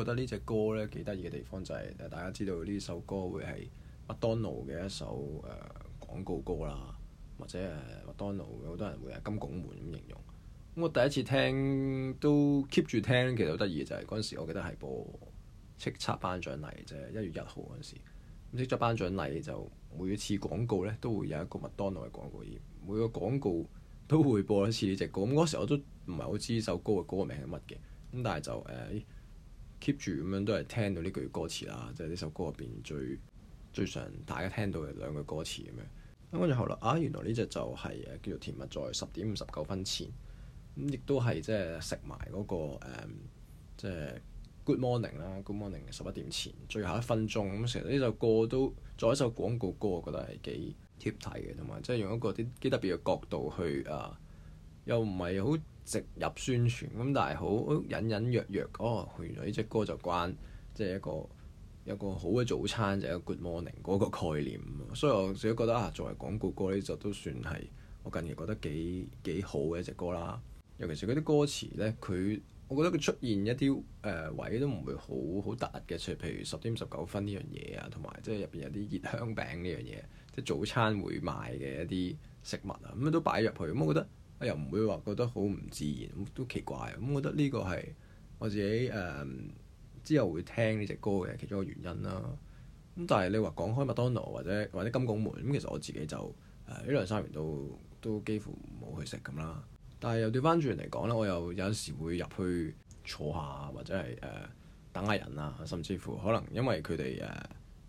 覺得呢隻歌咧幾得意嘅地方就係、是、大家知道呢首歌會係麥當勞嘅一首誒、呃、廣告歌啦，或者麥當勞好多人會係金拱門咁形容。咁我第一次聽都 keep 住聽，其實好得意嘅就係嗰陣時，我記得係播叱咤頒獎禮即係，一、就是、月一號嗰陣時咁《叱咤頒獎禮》就每一次廣告咧都會有一個麥當勞嘅廣告片，每個廣告都會播一次呢隻歌。咁嗰時我都唔係好知呢首歌嘅歌名係乜嘅，咁但係就誒。呃 keep 住咁樣都係聽到呢句歌詞啦，即係呢首歌入邊最最常大家聽到嘅兩句歌詞咁樣。咁跟住後來啊，原來呢隻就係、是、誒叫做甜蜜在十點五十九分前，咁、嗯、亦都係即係食埋嗰個、嗯、即係 Good Morning 啦，Good Morning 十一點前最後一分鐘。咁其實呢首歌都作為一首廣告歌，我覺得係幾貼題嘅，同埋即係用一個啲幾特別嘅角度去啊，又唔係好。植入宣傳咁，但係好隱隱約約哦，原來呢隻歌就關即係一個有個好嘅早餐就係、是、Good Morning 嗰個概念。所以我自己覺得啊，作為廣告歌呢，就都算係我近年覺得幾幾好嘅一隻歌啦。尤其是嗰啲歌詞呢，佢我覺得佢出現一啲誒、呃、位都唔會好好突嘅，譬如十點五十九分呢樣嘢啊，同埋即係入邊有啲熱香餅呢樣嘢，即係早餐會賣嘅一啲食物啊，咁都擺入去，咁我覺得。又唔會話覺得好唔自然，都奇怪，咁我覺得呢個係我自己誒、嗯、之後會聽呢隻歌嘅其中一個原因啦。咁但係你話講開麥當勞或者或者金拱門，咁其實我自己就誒呢、呃、兩三年都都幾乎冇去食咁啦。但係又調返轉嚟講咧，我又有，有時會入去坐下或者係誒、呃、等下人啊，甚至乎可能因為佢哋誒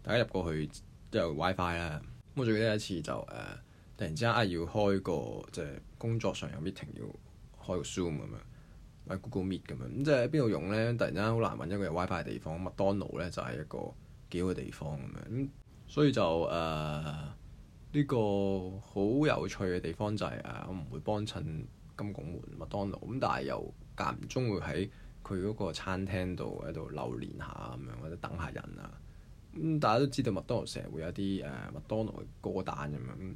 大家入過去都有 WiFi 啦。咁我最記得一次就誒。呃突然之間啊，要開個即係、就是、工作上有 meeting 要開個 Zoom 咁、啊、樣，喺 Google Meet 咁樣咁，即係邊度用咧？突然之間好難搵一個有 WiFi 嘅地方。麥當勞咧就係一個幾好嘅地方咁樣咁，所以就誒呢、呃、這個好有趣嘅地方就係、是、啊，我唔會幫襯金拱門、麥當勞咁、嗯，但係又間唔中會喺佢嗰個餐廳度喺度流連下咁樣或者等下人啊。咁、嗯、大家都知道麥當勞成日會有啲誒、啊、麥當勞嘅歌單咁樣。嗯